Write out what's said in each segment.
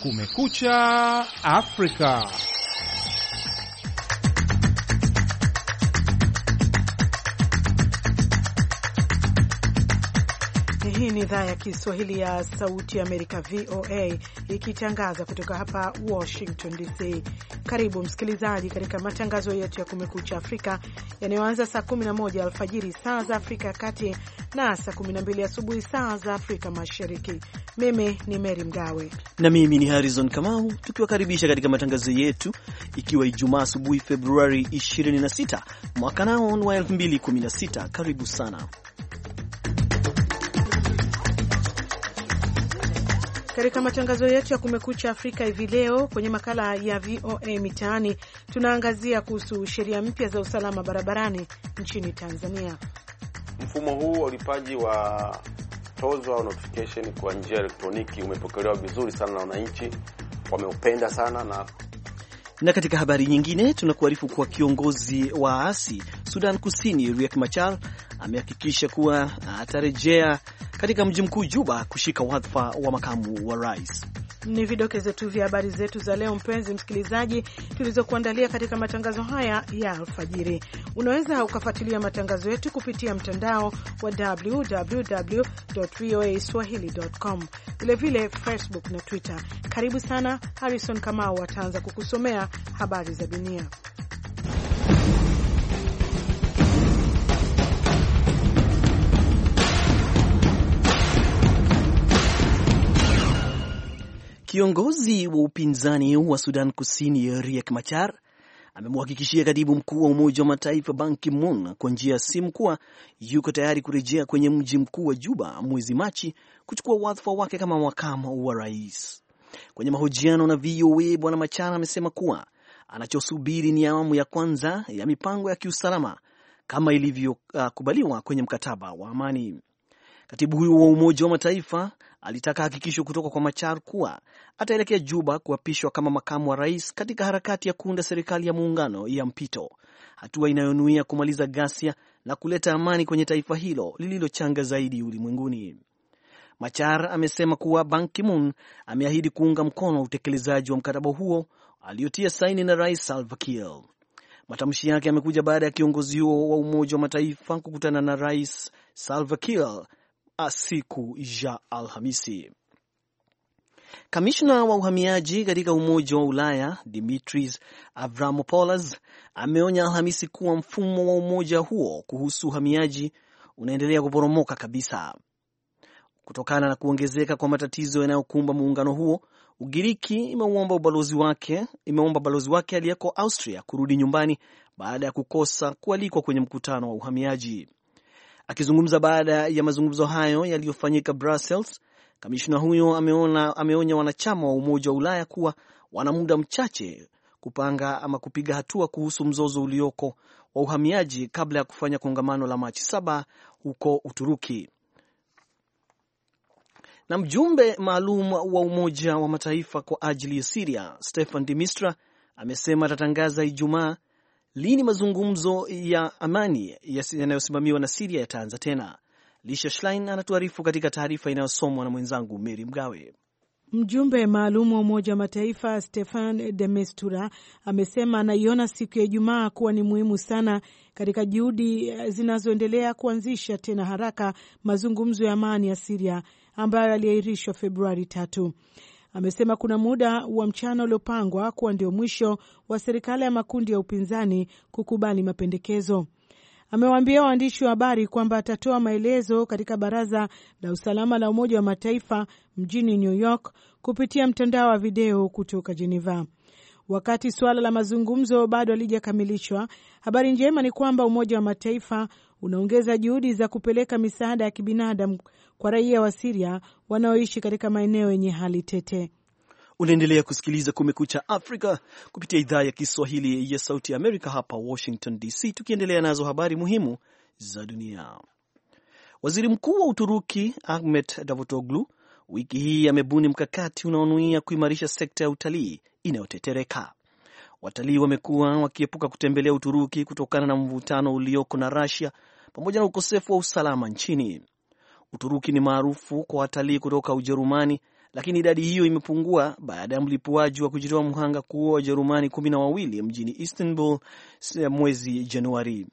Kumekucha Afrika. Hii ni idhaa ya Kiswahili ya Sauti ya Amerika, VOA, ikitangaza kutoka hapa Washington DC. Karibu msikilizaji katika matangazo yetu ya Kumekucha Afrika yanayoanza saa 11 alfajiri saa za Afrika ya Kati na saa 12 asubuhi saa za Afrika Mashariki. Mimi ni Mary Mgawe na mimi ni Harrison Kamau, tukiwakaribisha katika matangazo yetu, ikiwa Ijumaa asubuhi Februari 26 mwaka nao wa 2016. Karibu sana Katika matangazo yetu ya Kumekucha Afrika hivi leo, kwenye makala ya VOA Mitaani, tunaangazia kuhusu sheria mpya za usalama barabarani nchini Tanzania. Mfumo huu wa ulipaji wa tozo au notification kwa njia ya elektroniki umepokelewa vizuri sana na wananchi, wameupenda sana na na katika habari nyingine tunakuarifu kuwa kiongozi wa asi Sudan Kusini Riek Machar amehakikisha kuwa atarejea katika mji mkuu Juba kushika wadhifa wa makamu wa rais. Ni vidokezo tu vya habari zetu za leo, mpenzi msikilizaji, tulizokuandalia katika matangazo haya ya alfajiri. Unaweza ukafuatilia matangazo yetu kupitia mtandao wa www voa swahili.com, vilevile Facebook na Twitter. Karibu sana. Harrison Kamau ataanza kukusomea habari za dunia. Kiongozi wa upinzani wa Sudan Kusini Riek Machar amemhakikishia katibu mkuu wa Umoja wa Mataifa Ban Ki-moon kwa njia ya simu kuwa yuko tayari kurejea kwenye mji mkuu wa Juba mwezi Machi kuchukua wadhifa wake kama makamu wa rais. Kwenye mahojiano na VOA, Bwana Machar amesema kuwa anachosubiri ni awamu ya kwanza ya mipango ya kiusalama kama ilivyokubaliwa kwenye mkataba wa amani. Katibu huyo wa Umoja wa Mataifa alitaka hakikisho kutoka kwa Machar kuwa ataelekea Juba kuapishwa kama makamu wa rais katika harakati ya kuunda serikali ya muungano ya mpito, hatua inayonuia kumaliza ghasia na kuleta amani kwenye taifa hilo lililochanga zaidi ulimwenguni. Machar amesema kuwa Ban Ki-moon ameahidi kuunga mkono utekelezaji wa mkataba huo aliyotia saini na Rais Salva Kiir. Matamshi yake yamekuja baada ya kiongozi huo wa Umoja wa Mataifa kukutana na Rais Salva Kiir siku ya Alhamisi. Kamishna wa uhamiaji katika Umoja wa Ulaya Dimitris Avramopoulos ameonya Alhamisi kuwa mfumo wa umoja huo kuhusu uhamiaji unaendelea kuporomoka kabisa kutokana na kuongezeka kwa matatizo yanayokumba muungano huo. Ugiriki imeomba ubalozi wake imeomba balozi wake aliyeko Austria kurudi nyumbani baada ya kukosa kualikwa kwenye mkutano wa uhamiaji. Akizungumza baada ya mazungumzo hayo yaliyofanyika Brussels, kamishna huyo ameona, ameonya wanachama wa Umoja wa Ulaya kuwa wana muda mchache kupanga ama kupiga hatua kuhusu mzozo ulioko wa uhamiaji kabla ya kufanya kongamano la Machi saba huko Uturuki. Na mjumbe maalum wa Umoja wa Mataifa kwa ajili ya Siria Stefan de Mistra amesema atatangaza Ijumaa Lini mazungumzo ya amani yanayosimamiwa na Siria yataanza tena? Lisha Schlein anatuarifu katika taarifa inayosomwa na mwenzangu Meri Mgawe. Mjumbe maalum wa Umoja wa Mataifa Stefan de mestura amesema anaiona siku ya Ijumaa kuwa ni muhimu sana katika juhudi eh, zinazoendelea kuanzisha tena haraka mazungumzo ya amani ya Siria ambayo yaliahirishwa Februari tatu amesema kuna muda wa mchana uliopangwa kuwa ndio mwisho wa serikali ya makundi ya upinzani kukubali mapendekezo. Amewaambia waandishi wa habari kwamba atatoa maelezo katika Baraza la Usalama la Umoja wa Mataifa mjini New York kupitia mtandao wa video kutoka Geneva. Wakati suala la mazungumzo bado halijakamilishwa, habari njema ni kwamba Umoja wa Mataifa unaongeza juhudi za kupeleka misaada ya kibinadamu kwa raia wa Siria wanaoishi katika maeneo yenye hali tete. Unaendelea kusikiliza Kumekucha Afrika kupitia idhaa ya Kiswahili ya Sauti ya Amerika hapa Washington DC, tukiendelea nazo habari muhimu za dunia. Waziri Mkuu wa Uturuki Ahmet Davutoglu wiki hii amebuni mkakati unaonuia kuimarisha sekta ya utalii inayotetereka. Watalii wamekuwa wakiepuka kutembelea Uturuki kutokana na mvutano ulioko na rasia pamoja na ukosefu wa usalama nchini. Uturuki ni maarufu kwa watalii kutoka Ujerumani, lakini idadi hiyo imepungua baada ya mlipuaji wa kujitoa mhanga kuua Wajerumani kumi na wawili mjini Istanbul eh, mwezi Januari.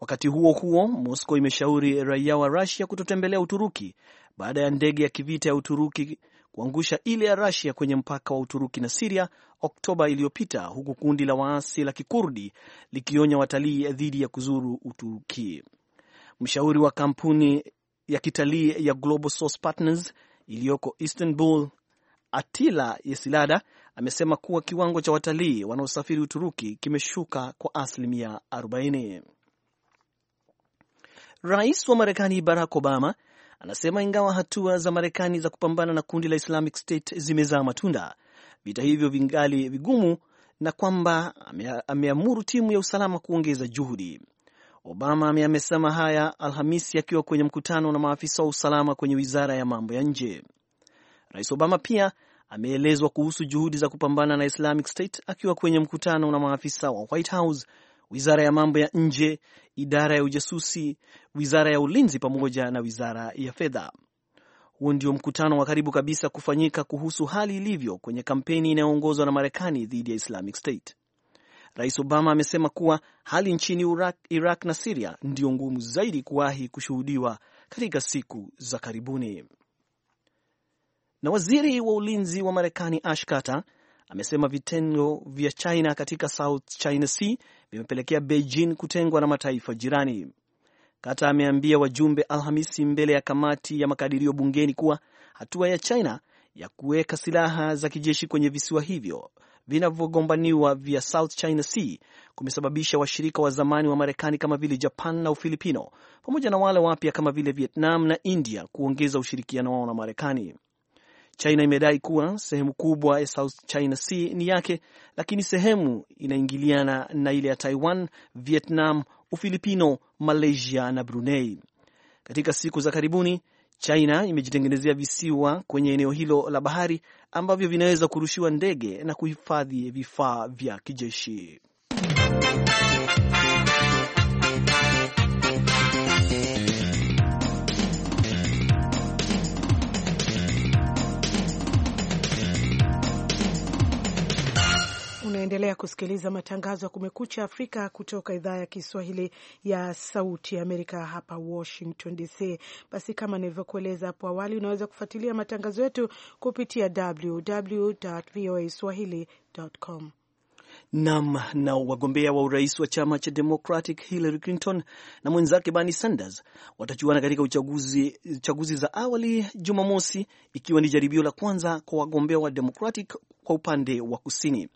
Wakati huo huo, Moscow imeshauri raia wa rasia kutotembelea Uturuki baada ya ndege ya kivita ya Uturuki kuangusha ile ya rasia kwenye mpaka wa Uturuki na Siria Oktoba iliyopita, huku kundi la waasi la Kikurdi likionya watalii dhidi ya kuzuru Uturuki. Mshauri wa kampuni ya kitalii ya Global Source Partners iliyoko Istanbul, Atila Yesilada amesema kuwa kiwango cha watalii wanaosafiri Uturuki kimeshuka kwa asilimia 40. Rais wa Marekani Barack Obama Anasema ingawa hatua za Marekani za kupambana na kundi la Islamic State zimezaa matunda, vita hivyo vingali vigumu na kwamba ameamuru timu ya usalama kuongeza juhudi. Obama amesema haya Alhamisi akiwa kwenye mkutano na maafisa wa usalama kwenye wizara ya mambo ya nje. Rais Obama pia ameelezwa kuhusu juhudi za kupambana na Islamic State akiwa kwenye mkutano na maafisa wa White House, wizara ya mambo ya nje, idara ya ujasusi wizara ya ulinzi pamoja na wizara ya fedha. Huu ndio mkutano wa karibu kabisa kufanyika kuhusu hali ilivyo kwenye kampeni inayoongozwa na Marekani dhidi ya Islamic State. Rais Obama amesema kuwa hali nchini Iraq, Iraq na Siria ndiyo ngumu zaidi kuwahi kushuhudiwa katika siku za karibuni. Na waziri wa ulinzi wa Marekani Ash Carter amesema vitengo vya China katika South China Sea vimepelekea Beijing kutengwa na mataifa jirani. Kata ameambia wajumbe Alhamisi mbele ya kamati ya makadirio bungeni kuwa hatua ya China ya kuweka silaha za kijeshi kwenye visiwa hivyo vinavyogombaniwa vya South China Sea kumesababisha washirika wa zamani wa Marekani kama vile Japan na Ufilipino pamoja na wale wapya kama vile Vietnam na India kuongeza ushirikiano wao na Marekani. China imedai kuwa sehemu kubwa ya South China Sea ni yake, lakini sehemu inaingiliana na ile ya Taiwan, Vietnam, Ufilipino, Malaysia na Brunei. Katika siku za karibuni, China imejitengenezea visiwa kwenye eneo hilo la bahari ambavyo vinaweza kurushiwa ndege na kuhifadhi vifaa vya kijeshi. Unaendelea kusikiliza matangazo ya Kumekucha Afrika kutoka idhaa ya Kiswahili ya Sauti Amerika hapa Washington DC. Basi kama nilivyokueleza hapo awali, unaweza kufuatilia matangazo yetu kupitia www.voaswahili.com. Nam na wagombea wa urais wa chama cha Democratic Hillary Clinton na mwenzake Bernie Sanders watachuana katika uchaguzi, chaguzi za awali Jumamosi, ikiwa ni jaribio la kwanza kwa wagombea wa Democratic kwa upande wa kusini.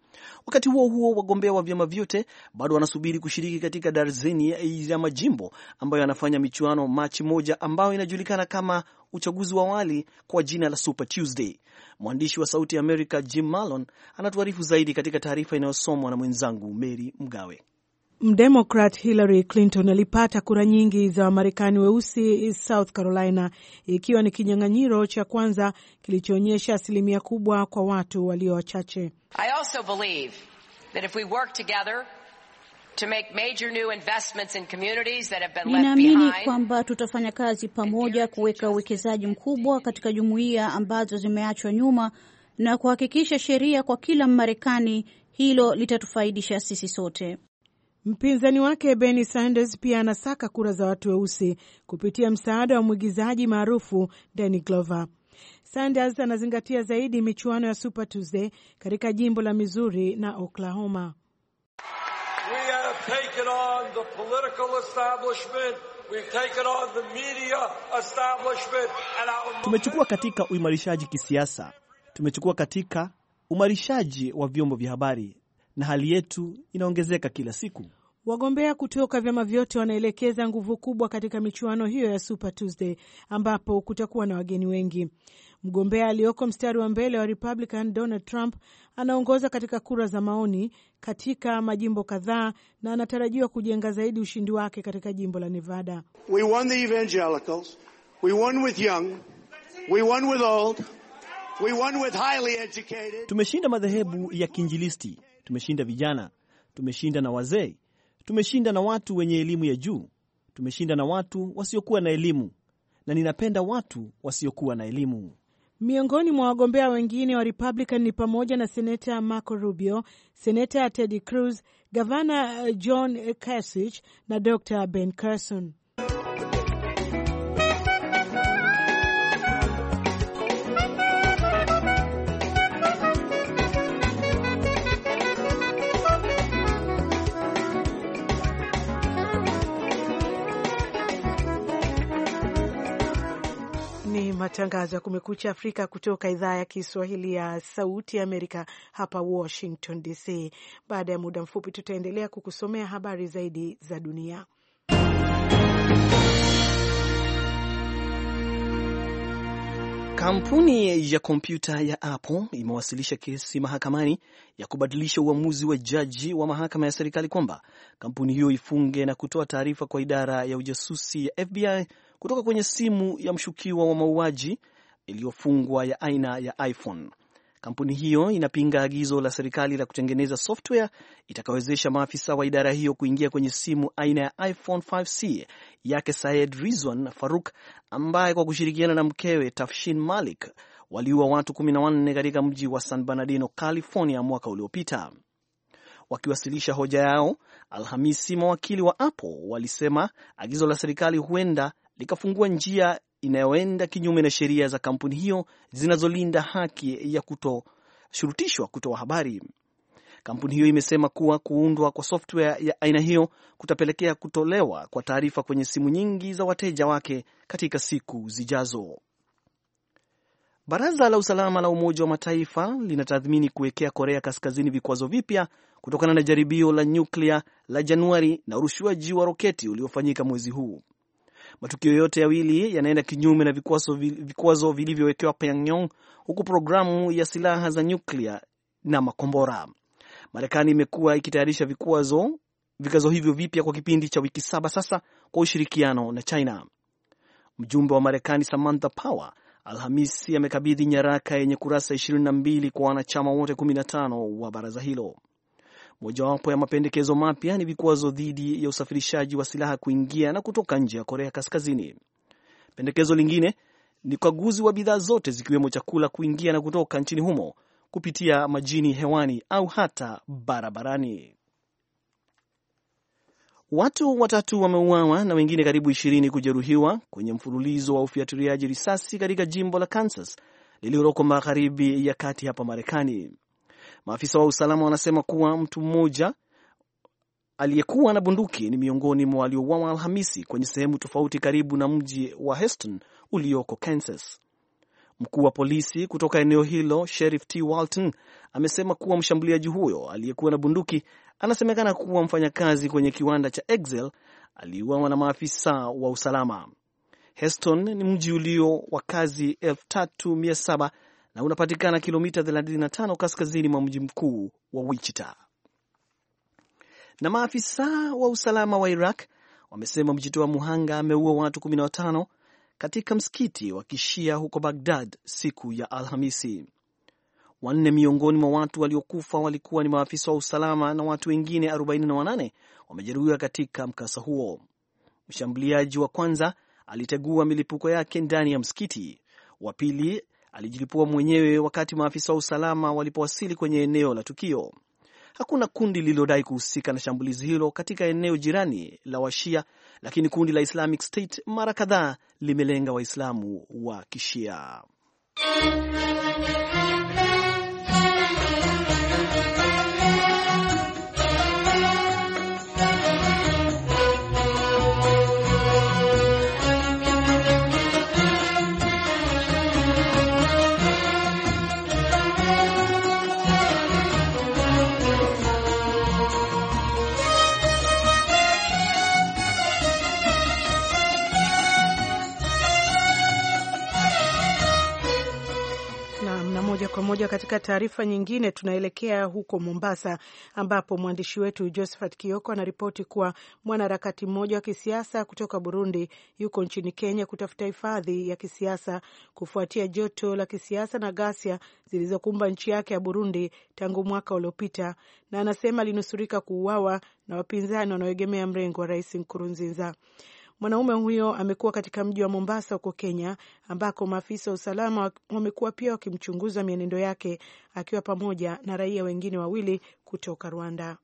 Wakati huo huo, wagombea wa vyama vyote bado wanasubiri kushiriki katika darzeni ya majimbo ambayo yanafanya michuano Machi moja ambayo inajulikana kama uchaguzi wa awali kwa jina la Super Tuesday. Mwandishi wa Sauti ya Jim Malon anatuarifu zaidi katika taarifa inayosomwa na mwenzangu Mary Mgawe. Mdemokrat Hillary Clinton alipata kura nyingi za Wamarekani weusi South Carolina, ikiwa ni kinyang'anyiro cha kwanza kilichoonyesha asilimia kubwa kwa watu walio wachache. I also believe that if we work together Ninaamini kwamba tutafanya kazi pamoja kuweka uwekezaji mkubwa katika jumuiya ambazo zimeachwa nyuma na kuhakikisha sheria kwa kila Mmarekani. Hilo litatufaidisha sisi sote. Mpinzani wake Bernie Sanders pia anasaka kura za watu weusi kupitia msaada wa mwigizaji maarufu Danny Glover. Sanders anazingatia zaidi michuano ya Super Tuesday katika jimbo la Missouri na Oklahoma. Tumechukua katika uimarishaji kisiasa, tumechukua katika umarishaji wa vyombo vya habari na hali yetu inaongezeka kila siku. Wagombea kutoka vyama vyote wanaelekeza nguvu kubwa katika michuano hiyo ya Super Tuesday ambapo kutakuwa na wageni wengi. Mgombea aliyoko mstari wa mbele wa Republican Donald Trump anaongoza katika kura za maoni katika majimbo kadhaa na anatarajiwa kujenga zaidi ushindi wake katika jimbo la Nevada. We won the evangelicals. We won with young. We won with old. We won with highly educated. Tumeshinda madhehebu ya Kinjilisti, Tumeshinda vijana, tumeshinda na wazee, tumeshinda na watu wenye elimu ya juu, tumeshinda na watu wasiokuwa na elimu, na ninapenda watu wasiokuwa na elimu. Miongoni mwa wagombea wengine wa Republican ni pamoja na seneta Marco Rubio, seneta Ted Cruz, gavana eh, John Kasich na Dr Ben Carson. matangazo ya Kumekucha Afrika kutoka idhaa ya Kiswahili ya Sauti ya Amerika hapa Washington DC. Baada ya muda mfupi, tutaendelea kukusomea habari zaidi za dunia. Kampuni ya kompyuta ya Apple imewasilisha kesi mahakamani ya kubadilisha uamuzi wa jaji wa mahakama ya serikali kwamba kampuni hiyo ifunge na kutoa taarifa kwa idara ya ujasusi ya FBI kutoka kwenye simu ya mshukiwa wa mauaji iliyofungwa ya aina ya iPhone. Kampuni hiyo inapinga agizo la serikali la kutengeneza software itakawezesha maafisa wa idara hiyo kuingia kwenye simu aina ya iPhone 5c yake Sayed Rizwan Faruk ambaye kwa kushirikiana na mkewe Tafshin Malik waliua watu 14 katika mji wa San Bernardino, California mwaka uliopita. Wakiwasilisha hoja yao Alhamisi, mawakili wa Apple walisema agizo la serikali huenda likafungua njia inayoenda kinyume na sheria za kampuni hiyo zinazolinda haki ya kutoshurutishwa kutoa habari. Kampuni hiyo imesema kuwa kuundwa kwa software ya aina hiyo kutapelekea kutolewa kwa taarifa kwenye simu nyingi za wateja wake katika siku zijazo. Baraza la usalama la Umoja wa Mataifa linatathmini kuwekea Korea Kaskazini vikwazo vipya kutokana na jaribio la nyuklia la Januari na urushuaji wa roketi uliofanyika mwezi huu. Matukio yote yawili yanaenda kinyume na vikwazo vilivyowekewa Pyongyang, huku programu ya silaha za nyuklia na makombora. Marekani imekuwa ikitayarisha vikwazo vikwazo hivyo vipya kwa kipindi cha wiki saba sasa kwa ushirikiano na China. Mjumbe wa Marekani Samantha Power Alhamisi amekabidhi nyaraka yenye kurasa 22 kwa wanachama wote 15 wa baraza hilo. Mojawapo ya mapendekezo mapya ni vikwazo dhidi ya usafirishaji wa silaha kuingia na kutoka nje ya Korea Kaskazini. Pendekezo lingine ni ukaguzi wa bidhaa zote zikiwemo chakula kuingia na kutoka nchini humo kupitia majini, hewani au hata barabarani. Watu watatu wameuawa na wengine karibu ishirini kujeruhiwa kwenye mfululizo wa ufiatiliaji risasi katika jimbo la Kansas lililoko magharibi ya kati hapa Marekani. Maafisa wa usalama wanasema kuwa mtu mmoja aliyekuwa na bunduki ni miongoni mwa waliouawa Alhamisi kwenye sehemu tofauti karibu na mji wa Heston ulioko Kansas. Mkuu wa polisi kutoka eneo hilo Sheriff T Walton amesema kuwa mshambuliaji huyo aliyekuwa na bunduki anasemekana kuwa mfanyakazi kwenye kiwanda cha Excel aliuawa na maafisa wa usalama. Heston ni mji ulio wakazi 3700 na unapatikana kilomita 35 kaskazini mwa mji mkuu wa Wichita. Na maafisa wa usalama wa Iraq wamesema mjitoa muhanga ameua watu 15 katika msikiti wa kishia huko Bagdad siku ya Alhamisi. Wanne miongoni mwa watu waliokufa walikuwa ni maafisa wa usalama na watu wengine 48 wamejeruhiwa katika mkasa huo. Mshambuliaji wa kwanza alitegua milipuko yake ndani ya msikiti, wa pili alijilipua mwenyewe wakati maafisa wa usalama walipowasili kwenye eneo la tukio. Hakuna kundi lililodai kuhusika na shambulizi hilo katika eneo jirani la Washia, lakini kundi la Islamic State mara kadhaa limelenga Waislamu wa Kishia. katika taarifa nyingine, tunaelekea huko Mombasa ambapo mwandishi wetu Josephat Kioko anaripoti kuwa mwanaharakati mmoja wa kisiasa kutoka Burundi yuko nchini Kenya kutafuta hifadhi ya kisiasa kufuatia joto la kisiasa na ghasia zilizokumba nchi yake ya Burundi tangu mwaka uliopita, na anasema alinusurika kuuawa na wapinzani wanaoegemea mrengo wa Rais Nkurunziza. Mwanaume huyo amekuwa katika mji wa Mombasa huko Kenya, ambako maafisa wa usalama wamekuwa pia wakimchunguza mienendo yake akiwa pamoja na raia wengine wawili kutoka Rwanda.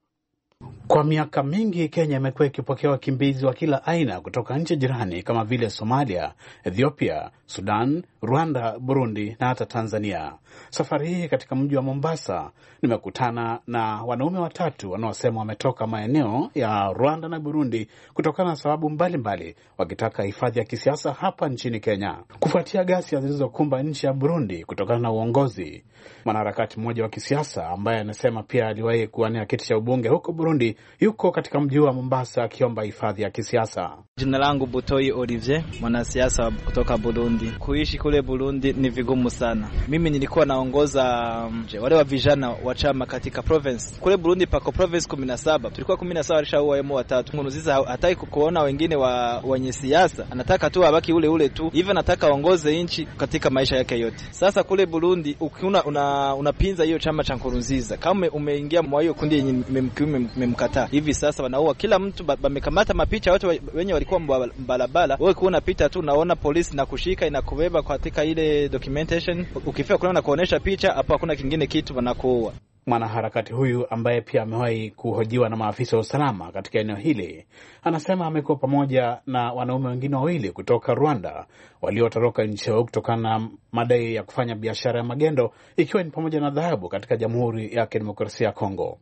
Kwa miaka mingi Kenya imekuwa ikipokea wakimbizi wa kila aina kutoka nchi jirani kama vile Somalia, Ethiopia, Sudan, Rwanda, Burundi na hata Tanzania. Safari hii katika mji wa Mombasa nimekutana na wanaume watatu wanaosema wametoka maeneo ya Rwanda na Burundi kutokana na sababu mbalimbali mbali, wakitaka hifadhi ya kisiasa hapa nchini Kenya kufuatia ghasia zilizokumba nchi ya Burundi kutokana na uongozi. Mwanaharakati mmoja wa kisiasa ambaye anasema pia aliwahi kuwania kiti cha ubunge huko Burundi Burundi yuko katika mji wa Mombasa akiomba hifadhi ya kisiasa. Jina langu Butoi Olivier, mwanasiasa kutoka Burundi. Kuishi kule Burundi ni vigumu sana. Mimi nilikuwa naongoza mm, wale wa vijana wa chama katika province kule Burundi, pako province saba, tulikuwa kumi na saba, 17 alishauwamo watatu. Nkurunziza hataki kuona wengine wa wenye siasa, anataka tu abaki ule ule tu hivyo, anataka aongoze nchi katika maisha yake yote. Sasa kule Burundi ukiuna unapinza una hiyo chama cha Nkurunziza, kama umeingia mwa hiyo kundi yenye mmemkataa. Hivi sasa wanaua kila mtu, wamekamata mapicha wote wenye walikuwa mbarabara. Wewe ukiwa unapita tu unaona polisi na kushika inakubeba katika ile documentation, ukifika kuna na kuonesha picha hapo, hakuna kingine kitu wanakuua. Mwanaharakati huyu ambaye pia amewahi kuhojiwa na maafisa wa usalama katika eneo hili anasema amekuwa pamoja na wanaume wengine wawili kutoka Rwanda waliotoroka nchi yao kutokana na madai ya kufanya biashara ya magendo, ikiwa ni pamoja na dhahabu katika Jamhuri ya Kidemokrasia ya Kongo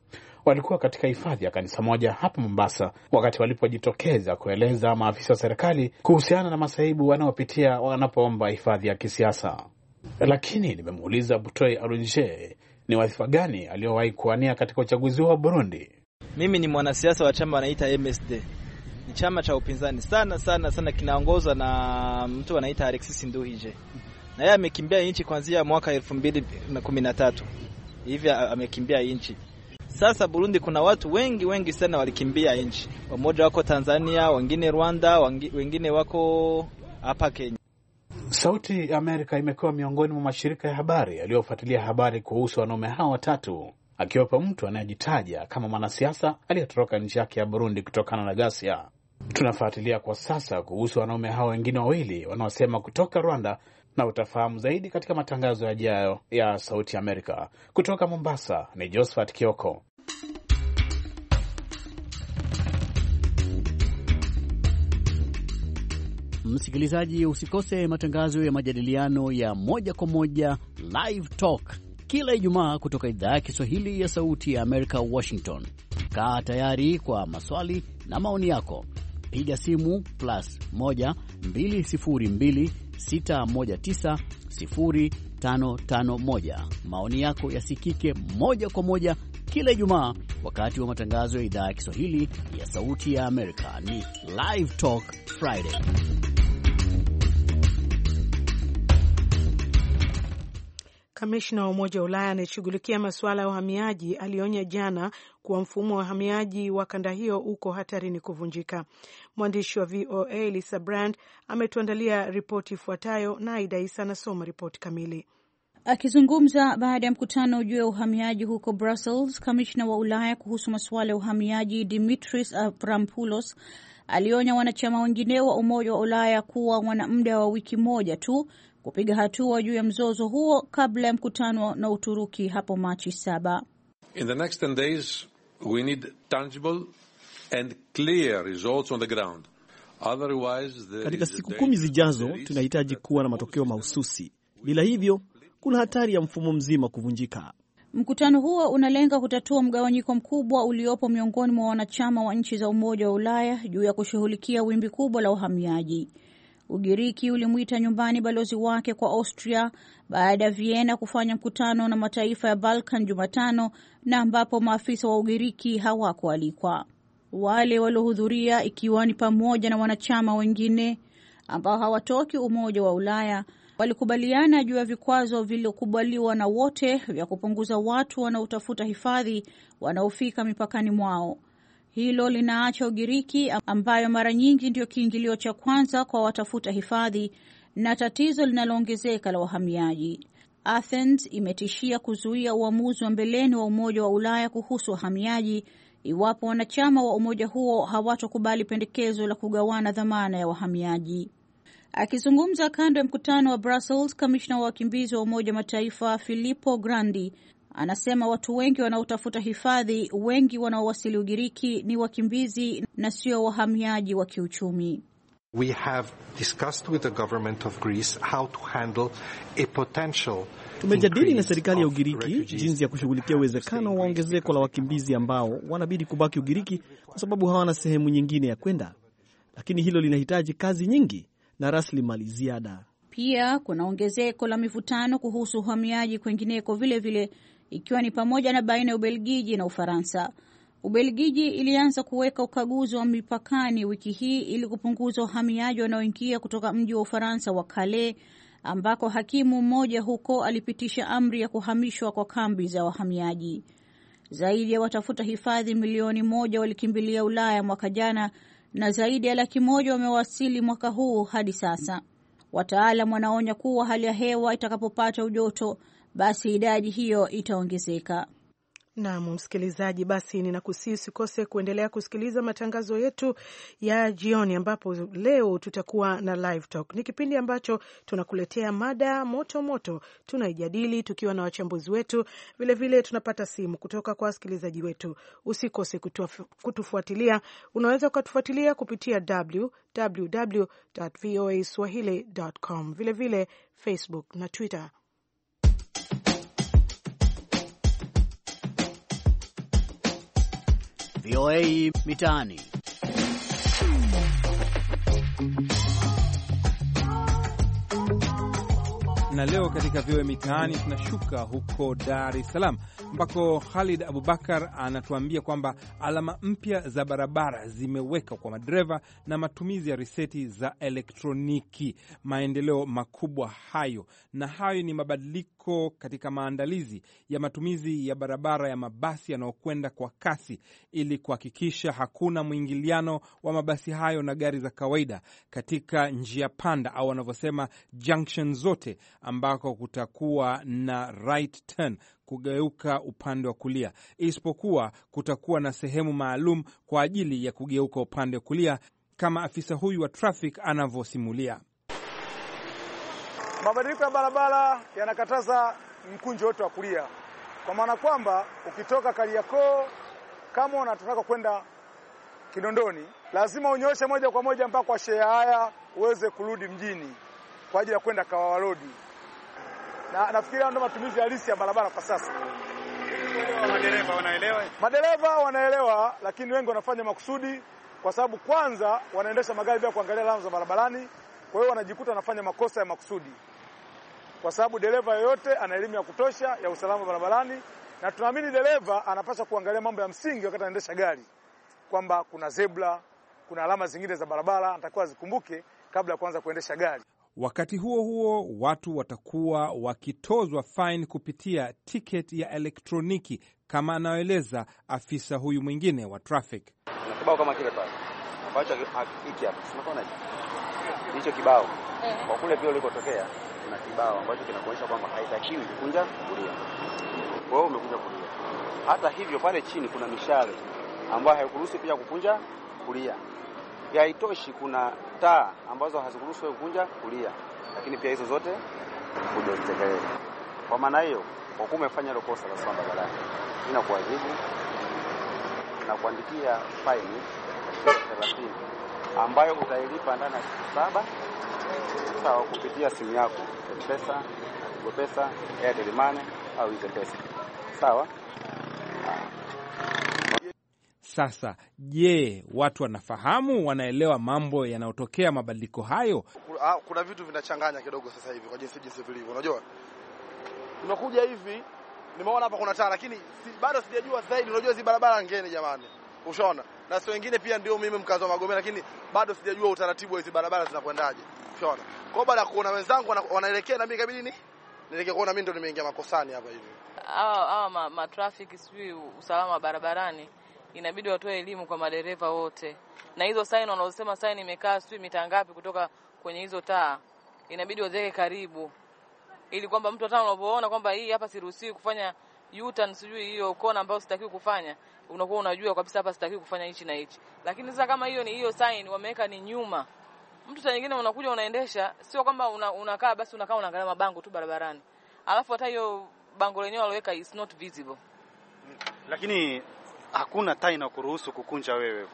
walikuwa katika hifadhi ya kanisa moja hapa Mombasa wakati walipojitokeza kueleza maafisa wa serikali kuhusiana na masaibu wanaopitia wanapoomba hifadhi ya kisiasa. Lakini nimemuuliza Butoi Arunje ni wadhifa gani aliyowahi kuwania katika uchaguzi wa Burundi. Mimi ni mwanasiasa wa chama wanaita MSD, ni chama cha upinzani sana sana sana, kinaongozwa na mtu anaita Alexis Nduhije, na yeye amekimbia nchi kuanzia mwaka tatu hivi amekimbia nchi sasa Burundi kuna watu wengi wengi sana walikimbia nchi, wamoja wako Tanzania, wengine Rwanda, wengine wako hapa Kenya. Sauti ya Amerika imekuwa miongoni mwa mashirika ya habari yaliyofuatilia habari kuhusu wanaume hao watatu akiwepo mtu anayejitaja kama mwanasiasa aliyetoroka nchi yake ya Burundi kutokana na ghasia. Tunafuatilia kwa sasa kuhusu wanaume hao wengine wawili wanaosema kutoka Rwanda, na utafahamu zaidi katika matangazo yajayo ya Sauti Amerika. Kutoka Mombasa ni Josephat Kioko, Msikilizaji, usikose matangazo ya majadiliano ya moja kwa moja Live Talk kila Ijumaa kutoka idhaa ya Kiswahili ya Sauti ya Amerika, Washington. Kaa tayari kwa maswali na maoni yako, piga simu plus 1 202 619 0551. Maoni yako yasikike moja kwa moja kila Ijumaa wakati wa matangazo ya idhaa ya Kiswahili ya Sauti ya Amerika. Ni Live Talk Friday. Kamishna wa Umoja wa Ulaya anayeshughulikia masuala ya uhamiaji alionya jana kuwa mfumo wa uhamiaji wa kanda hiyo uko hatarini kuvunjika. Mwandishi wa VOA Lisa Brand ametuandalia ripoti ifuatayo, na Aida Isa anasoma ripoti kamili. Akizungumza baada ya mkutano juu ya uhamiaji huko Brussels, kamishna wa Ulaya kuhusu masuala ya uhamiaji Dimitris Avramopoulos alionya wanachama wengine wa Umoja wa Ulaya kuwa wana muda wa wiki moja tu kupiga hatua juu ya mzozo huo kabla ya mkutano na Uturuki hapo Machi saba. In the next 10 days we need tangible and clear results on the ground. Otherwise, katika siku kumi zijazo tunahitaji kuwa na matokeo mahususi. Bila hivyo kuna hatari ya mfumo mzima kuvunjika. Mkutano huo unalenga kutatua mgawanyiko mkubwa uliopo miongoni mwa wanachama wa nchi za Umoja wa Ulaya juu ya kushughulikia wimbi kubwa la uhamiaji. Ugiriki ulimwita nyumbani balozi wake kwa Austria baada ya Vienna kufanya mkutano na mataifa ya Balkan Jumatano, na ambapo maafisa wa Ugiriki hawakualikwa. Wale waliohudhuria, ikiwa ni pamoja na wanachama wengine ambao hawatoki Umoja wa Ulaya, walikubaliana juu ya vikwazo vilivyokubaliwa na wote vya kupunguza watu wanaotafuta hifadhi wanaofika mipakani mwao. Hilo linaacha Ugiriki ambayo mara nyingi ndiyo kiingilio cha kwanza kwa watafuta hifadhi na tatizo linaloongezeka la wahamiaji. Athens imetishia kuzuia uamuzi wa mbeleni wa Umoja wa Ulaya kuhusu wahamiaji iwapo wanachama wa umoja huo hawatokubali pendekezo la kugawana dhamana ya wahamiaji. Akizungumza kando ya mkutano wa Brussels, kamishna wa wakimbizi wa Umoja wa Mataifa Filippo Grandi anasema watu wengi wanaotafuta hifadhi, wengi wanaowasili Ugiriki ni wakimbizi na sio wahamiaji wa kiuchumi. We have discussed with the government of Greece how to handle a potential. Tumejadili na serikali ya Ugiriki jinsi ya kushughulikia uwezekano wa ongezeko la wakimbizi ambao wanabidi kubaki Ugiriki kwa sababu hawana sehemu nyingine ya kwenda, lakini hilo linahitaji kazi nyingi na rasilimali ziada. Pia kuna ongezeko la mivutano kuhusu uhamiaji kwengineko vilevile, ikiwa ni pamoja na baina ya Ubelgiji na Ufaransa. Ubelgiji ilianza kuweka ukaguzi wa mipakani wiki hii ili kupunguza wahamiaji wanaoingia kutoka mji wa Ufaransa wa Calais, ambako hakimu mmoja huko alipitisha amri ya kuhamishwa kwa kambi za wahamiaji. Zaidi ya watafuta hifadhi milioni moja walikimbilia Ulaya mwaka jana na zaidi ya laki moja wamewasili mwaka huu hadi sasa. Wataalam wanaonya kuwa hali ya hewa itakapopata ujoto, basi idadi hiyo itaongezeka. Nam msikilizaji, basi ninakusii usikose kuendelea kusikiliza matangazo yetu ya jioni, ambapo leo tutakuwa na live talk. Ni kipindi ambacho tunakuletea mada moto moto, tunaijadili tukiwa na wachambuzi wetu, vilevile vile tunapata simu kutoka kwa wasikilizaji wetu. Usikose kutufuatilia. Unaweza ukatufuatilia kupitia www swahilicom vilevile Facebook na Twitter VOA Mitaani. Na leo katika VOA Mitaani tunashuka huko Dar es Salaam ambako Khalid Abubakar anatuambia kwamba alama mpya za barabara zimewekwa kwa madereva na matumizi ya riseti za elektroniki. Maendeleo makubwa hayo, na hayo ni mabadiliko katika maandalizi ya matumizi ya barabara ya mabasi yanayokwenda kwa kasi, ili kuhakikisha hakuna mwingiliano wa mabasi hayo na gari za kawaida katika njia panda au wanavyosema junction zote, ambako kutakuwa na right turn kugeuka upande wa kulia, isipokuwa kutakuwa na sehemu maalum kwa ajili ya kugeuka upande wa kulia, kama afisa huyu wa trafiki anavyosimulia. Mabadiliko ya barabara yanakataza mkunjo wote wa kulia, kwa maana kwamba ukitoka Kariakoo kama unataka kwenda Kinondoni lazima unyoshe moja kwa moja mpaka kwa haya uweze kurudi mjini kwa ajili ya kwenda kawawarodi na nafikiri ndio matumizi halisi ya barabara kwa sasa. Madereva wanaelewa, madereva wanaelewa, lakini wengi wanafanya makusudi, kwa sababu kwanza wanaendesha magari bila kuangalia alama za barabarani, kwa hiyo wanajikuta wanafanya makosa ya makusudi, kwa sababu dereva yoyote ana elimu ya kutosha ya usalama barabarani, na tunaamini dereva anapaswa kuangalia mambo ya msingi wakati anaendesha gari, kwamba kuna zebra, kuna alama zingine za barabara, anatakiwa azikumbuke kabla ya kuanza kuendesha gari. Wakati huo huo, watu watakuwa wakitozwa faini kupitia tiketi ya elektroniki, kama anayoeleza afisa huyu mwingine wa trafiki. Kibao kama kile pale ambacho hiki hapa, tunaona hicho kibao kwa kule pia ulikotokea, kuna kibao ambacho kinakuonyesha kwamba haitakiwi kukunja kulia. Kwa hiyo umekuja kulia. Hata hivyo, pale chini kuna mishale ambayo haikuruhusi pia kukunja kulia pia haitoshi. Kuna taa ambazo hazikuruhusu wewe kunja kulia, lakini pia hizo zote hujazitekeleza. Kwa maana hiyo, kwa kuwa umefanya hilo kosa la swamba galani, inakuadhibu na kuandikia faini thelathini ambayo utailipa ndani ya siku saba, sawa, kupitia simu yako pesa Tigo Pesa, Airtel Money au hizo pesa sawa. Sasa je, watu wanafahamu, wanaelewa mambo yanayotokea, mabadiliko hayo? Kuna, ah, kuna vitu vinachanganya kidogo sasa hivi kwa jinsi jinsi vilivyo. Unajua, unakuja hivi, nimeona hapa kuna taa, lakini si, bado sijajua zaidi. Unajua hizi barabara ngeni jamani, ushaona na sio wengine pia, ndio mimi mkazi wa Magomeni, lakini bado sijajua utaratibu wa hizi barabara zinakwendaje, ushaona. Kwa baada ya kuona wenzangu wanaelekea, na mimi kabidi ni nileke kuona mimi nimeingia makosani hapa hivi. Hawa ma, ma traffic sijui usalama barabarani inabidi watoe elimu kwa madereva wote, na hizo sign wanaosema sign imekaa sijui mita ngapi kutoka kwenye hizo taa inabidi waziweke karibu, ili kwamba mtu hata unapoona kwamba hii hapa siruhusiwi kufanya U-turn, sijui hiyo kona ambayo sitakiwi kufanya, unakuwa unajua kabisa hapa sitakiwi kufanya hichi na hichi. Lakini sasa kama hiyo ni hiyo sign wameweka ni nyuma, mtu saa nyingine unakuja unaendesha, sio kwamba una, unakaa basi unakaa unaangalia mabango tu barabarani, alafu hata hiyo bango lenyewe waloweka is not visible. Lakini hakuna taa inakuruhusu kukunja wewe.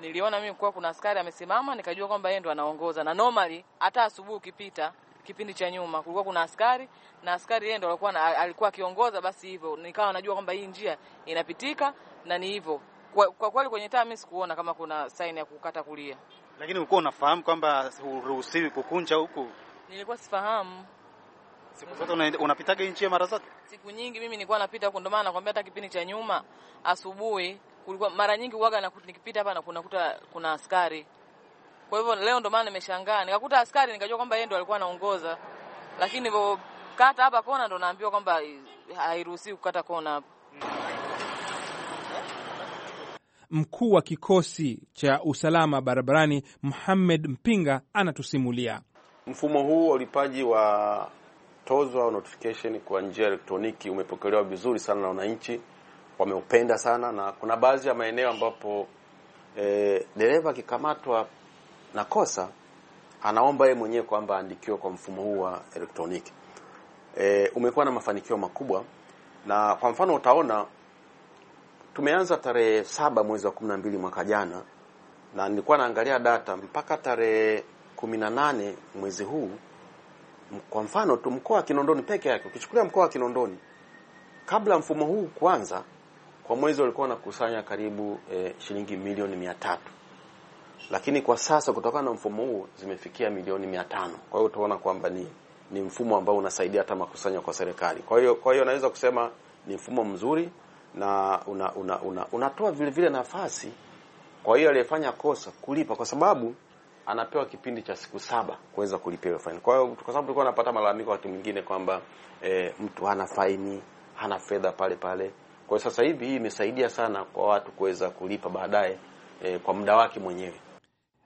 Niliona mimi kuwa kuna askari amesimama, nikajua kwamba yeye ndo anaongoza, na normally hata asubuhi ukipita kipindi cha nyuma kulikuwa kuna askari na askari yeye ndo alikuwa alikuwa akiongoza, basi hivyo nikawa najua kwamba hii njia inapitika na ni hivyo. Kwa, kwa kweli kwenye taa mimi sikuona kama kuna sign ya kukata kulia, lakini ulikuwa unafahamu kwamba huruhusiwi kukunja huku? Nilikuwa sifahamu. Siku zote unapitaga nchi mara zote? Siku nyingi mimi nilikuwa napita huko, ndio maana nakwambia hata kipindi cha nyuma asubuhi kulikuwa mara nyingi uwaga na nikipita hapa na kunakuta kuna askari. Kwa hivyo leo ndio maana nimeshangaa. Nikakuta askari nikajua kwamba yeye ndio alikuwa anaongoza. Lakini nilipo kata hapa kona ndo naambiwa kwamba hairuhusiwi kukata kona hapa. Mkuu wa kikosi cha usalama barabarani Muhammad Mpinga anatusimulia. Mfumo huu wa ulipaji wa tozwa au notification kwa njia ya elektroniki umepokelewa vizuri sana na wananchi, wameupenda sana, na kuna baadhi ya maeneo ambapo e, dereva akikamatwa na kosa anaomba yeye mwenyewe kwamba aandikiwe kwa mfumo huu wa elektroniki. E, umekuwa na mafanikio makubwa, na kwa mfano utaona tumeanza tarehe saba mwezi wa kumi mbili mwaka jana, na nilikuwa naangalia data mpaka tarehe 18 mwezi huu kwa mfano tu mkoa wa Kinondoni peke yake, ukichukulia mkoa wa Kinondoni, kabla mfumo huu kuanza, kwa mwezi walikuwa wanakusanya karibu e, shilingi milioni mia tatu, lakini kwa sasa kutokana na mfumo huu zimefikia milioni mia tano. Kwa hiyo utaona kwamba ni ni mfumo ambao unasaidia hata makusanyo kwa serikali. Kwa hiyo kwa hiyo naweza kusema ni mfumo mzuri na una, una, una, unatoa vile vile nafasi kwa hiyo aliyefanya kosa kulipa kwa sababu anapewa kipindi cha siku saba kuweza kulipia hiyo faini. Kwa hiyo kwa sababu tulikuwa tunapata malalamiko wakati mwingine kwamba e, mtu hana faini, hana fedha pale pale. Kwa hiyo sasa hivi hii imesaidia sana kwa watu kuweza kulipa baadaye e, kwa muda wake mwenyewe.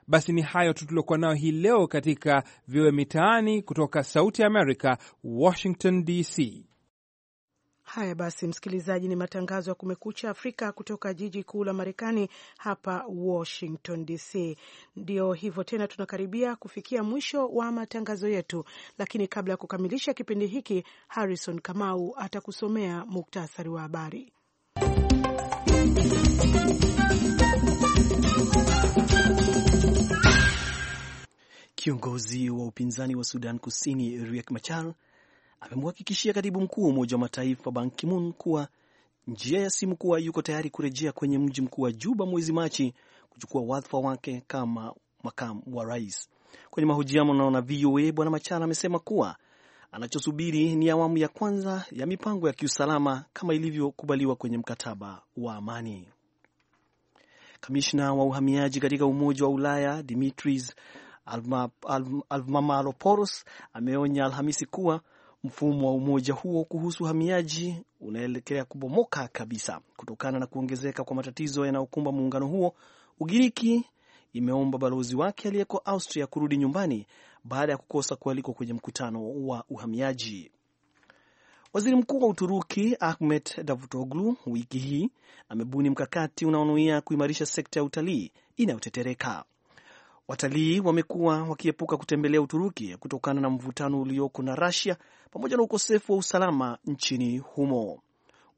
Basi ni hayo tu tuliokuwa nayo hii leo katika Viwe Mitaani kutoka Sauti ya america Washington DC. Haya basi, msikilizaji, ni matangazo ya Kumekucha Afrika kutoka jiji kuu la Marekani, hapa Washington DC. Ndio hivyo tena, tunakaribia kufikia mwisho wa matangazo yetu, lakini kabla ya kukamilisha kipindi hiki, Harrison Kamau atakusomea muktasari wa habari. Kiongozi wa upinzani wa Sudan Kusini Riek Machar amemhakikishia katibu mkuu wa Umoja wa Mataifa Ban Ki-moon kuwa njia ya simu kuwa yuko tayari kurejea kwenye mji mkuu wa Juba mwezi Machi kuchukua wadhifa wake kama makamu wa rais. Kwenye mahojiano naona VOA, Bwana Machara amesema kuwa anachosubiri ni awamu ya kwanza ya mipango ya kiusalama kama ilivyokubaliwa kwenye mkataba wa amani. Kamishna wa uhamiaji katika Umoja wa Ulaya Dimitris Avramopoulos ameonya Alhamisi kuwa Mfumo wa umoja huo kuhusu uhamiaji unaelekea kubomoka kabisa kutokana na kuongezeka kwa matatizo yanayokumba muungano huo. Ugiriki imeomba balozi wake aliyeko Austria kurudi nyumbani baada ya kukosa kualikwa kwenye mkutano wa uhamiaji. Waziri Mkuu wa Uturuki Ahmet Davutoglu wiki hii amebuni mkakati unaonuia kuimarisha sekta ya utalii inayotetereka. Watalii wamekuwa wakiepuka kutembelea Uturuki kutokana na mvutano ulioko na rasia pamoja na ukosefu wa usalama nchini humo.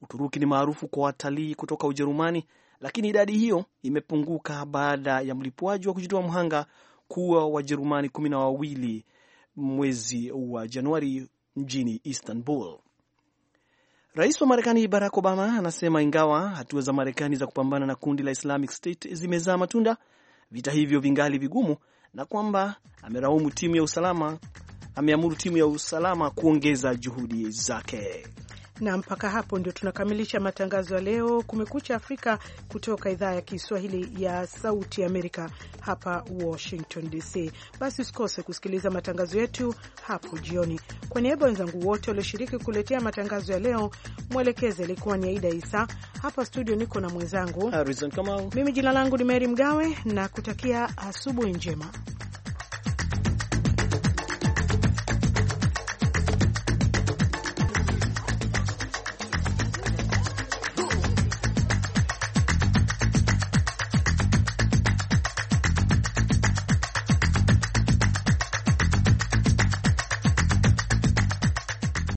Uturuki ni maarufu kwa watalii kutoka Ujerumani, lakini idadi hiyo imepunguka baada ya mlipuaji wa kujitoa mhanga kuwa Wajerumani kumi na wawili mwezi wa Januari mjini Istanbul. Rais wa Marekani Barack Obama anasema ingawa hatua za Marekani za kupambana na kundi la Islamic State zimezaa matunda, vita hivyo vingali vigumu na kwamba ameraumu timu ya usalama ameamuru timu ya usalama kuongeza juhudi zake na mpaka hapo ndio tunakamilisha matangazo ya leo Kumekucha Afrika kutoka idhaa ya Kiswahili ya Sauti Amerika hapa Washington DC. Basi usikose kusikiliza matangazo yetu hapo jioni. Kwa niaba wenzangu wote walioshiriki kuletea matangazo ya leo, mwelekezi alikuwa ni Aida Isa. Hapa studio niko na mwenzangu Mimi, jina langu ni Mary Mgawe na kutakia asubuhi njema.